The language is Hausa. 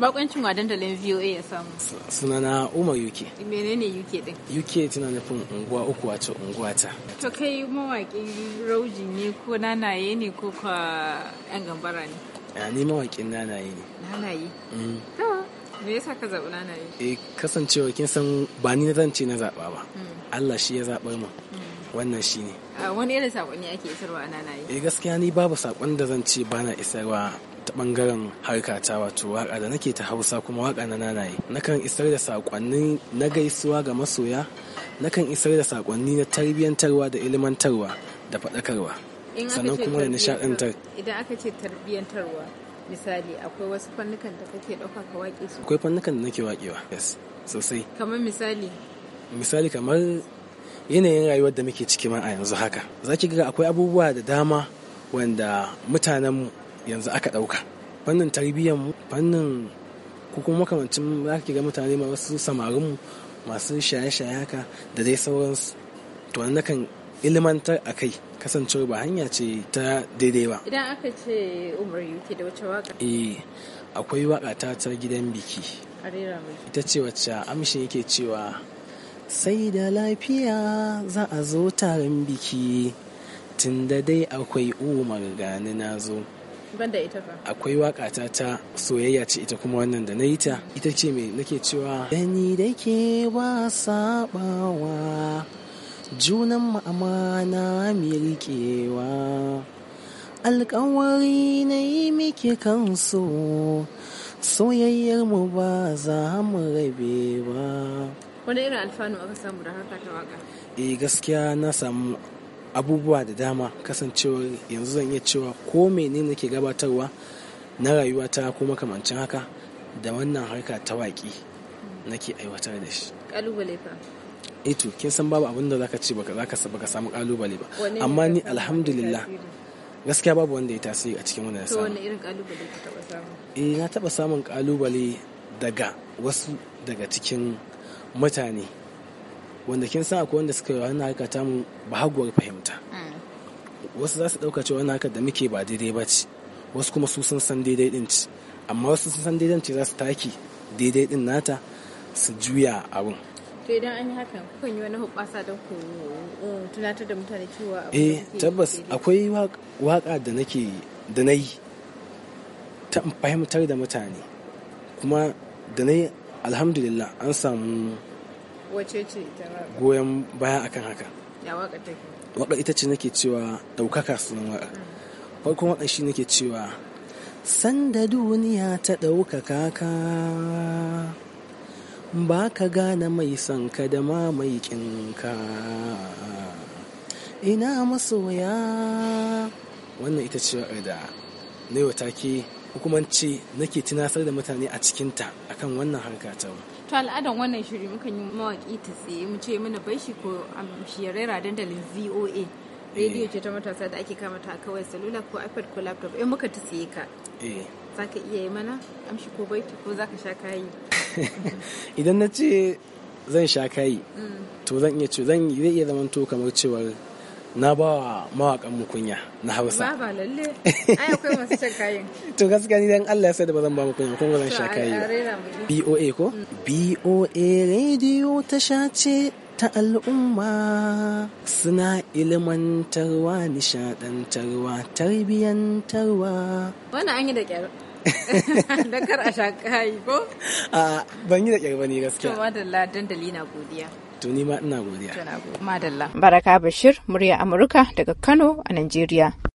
Bakoncin wa dandalin VOA ya samu. Sunana Umar UK. Menene UK din? UK tana nufin unguwa uku wato unguwa ta. To kai mawaƙin rauji ne ko nanaye ne ko kwa 'yan gambara ne? Ni mawaƙin nanaye ne. Nanaye? Mm. me yasa ka zaɓi nanaye? Eh kasancewa kin san ba ni na zance na zaɓa ba. Mm. Allah shi ya zaɓar mu. Mm. wannan shi ne wani irin saƙonni ake isarwa ana yi eh gaskiya ni babu saƙon da zan ce bana isarwa ta ɓangaren harka ta wato waƙa da nake ta hausa kuma waƙa na nanaye nakan isar da saƙonni na gaisuwa ga masoya nakan isar da saƙonni na tarbiyyantarwa da ilmantarwa da faɗakarwa sannan kuma da nishaɗantar idan aka ce tarbiyyantarwa misali akwai wasu fannukan da kake ɗaukaka ka waƙe su akwai fannukan da nake waƙewa yes sosai kamar misali misali kamar yanayin rayuwar da muke ciki ma a yanzu haka za ki ga akwai abubuwa da dama wanda mutanenmu yanzu aka ɗauka fannin tarbiyyarmu fannin ko kuma makamancin za ki ga mutane masu mu, masu shaye-shaye haka da dai sauransu to kan ilimantar a kai kasancewa ba hanya ce ta daidai ba idan aka ce umar yuke da wace waka eh akwai waka ta ta gidan biki ita ce wacce amshin yake cewa sai da lafiya za a zo taron biki tun da dai akwai umar gani na zo akwai waka ta soyayya ce ita kuma wannan da na yi ta ita ce mai nake cewa gani da ke ba sabawa junan mu amana mi alkawari na yi miki kansu soyayyar mu ba za mu rabe ba wani irin alfanu aka samu da harka ta waka e eh, gaskiya na samu abubuwa da dama kasancewar yanzu zan iya cewa ko menene nake gabatarwa na rayuwata ko makamancin haka da wannan harka ta waƙi nake aiwatar da shi kalubale fa eto eh kin san babu abin da zaka ce baka zaka baka samu kalubale ba amma ni alhamdulillah gaskiya babu wanda ya tasiri a cikin wannan samu to wani irin ka taba samu eh na taba samun kalubale daga wasu daga cikin mutane wanda kin san akwai wanda suka yi wani harka ta mu ba haguwar fahimta mm. wasu za su ɗauka cewa wani harkar da muke ba daidai ba ce wasu kuma su sun san daidai din ci amma wasu sun san daidai ce za su taki daidai din nata su juya abin to idan an yi haka kun yi wani hubbasa don ku tunatar da mutane cewa eh tabbas akwai waka da nake da na yi ta fahimtar da mutane kuma da na yi alhamdulillah an samu goyon baya akan haka ya waka ita ce nake cewa ɗaukaka sunan waka mm. farkon waɗa shi nake cewa sanda duniya ta ɗaukaka ka ba ka gane mai son ka da ma mai ina masoya wannan ita ce da na yau take kuma nake tunasar da mutane a cikinta akan wannan harka ta to al'adan wannan shiri mukan yi mawaki ta tsaye mu ce mana bashi ko amshi rera dandalin VOA radio eh. ce ta matasa da ake kama ta kawai salula ko ipad ko laptop in eh, muka ta tsaye ka eh. za ka iya yi mana amshi ko baiti ko za ka sha kayi idan na ce zan sha kayi mm. to zan iya ce zan iya zamanto kamar cewar na ba wa mawaƙan mu kunya na hausa ba lalle ai akwai masu cin kayan to gaskiya ni dan Allah ya sai da ba zan ba mu kunya kuma zan sha kayan BOA ko mm. BOA radio sha ce ta al'umma suna ilmantarwa nishadantarwa tarbiyantarwa wannan an yi da kyar da kar a sha kai ko a ban yi da kyar bane gaskiya to madalla dandali na godiya to ni ma ina godiya madalla baraka bashir murya amurka daga kano a najeriya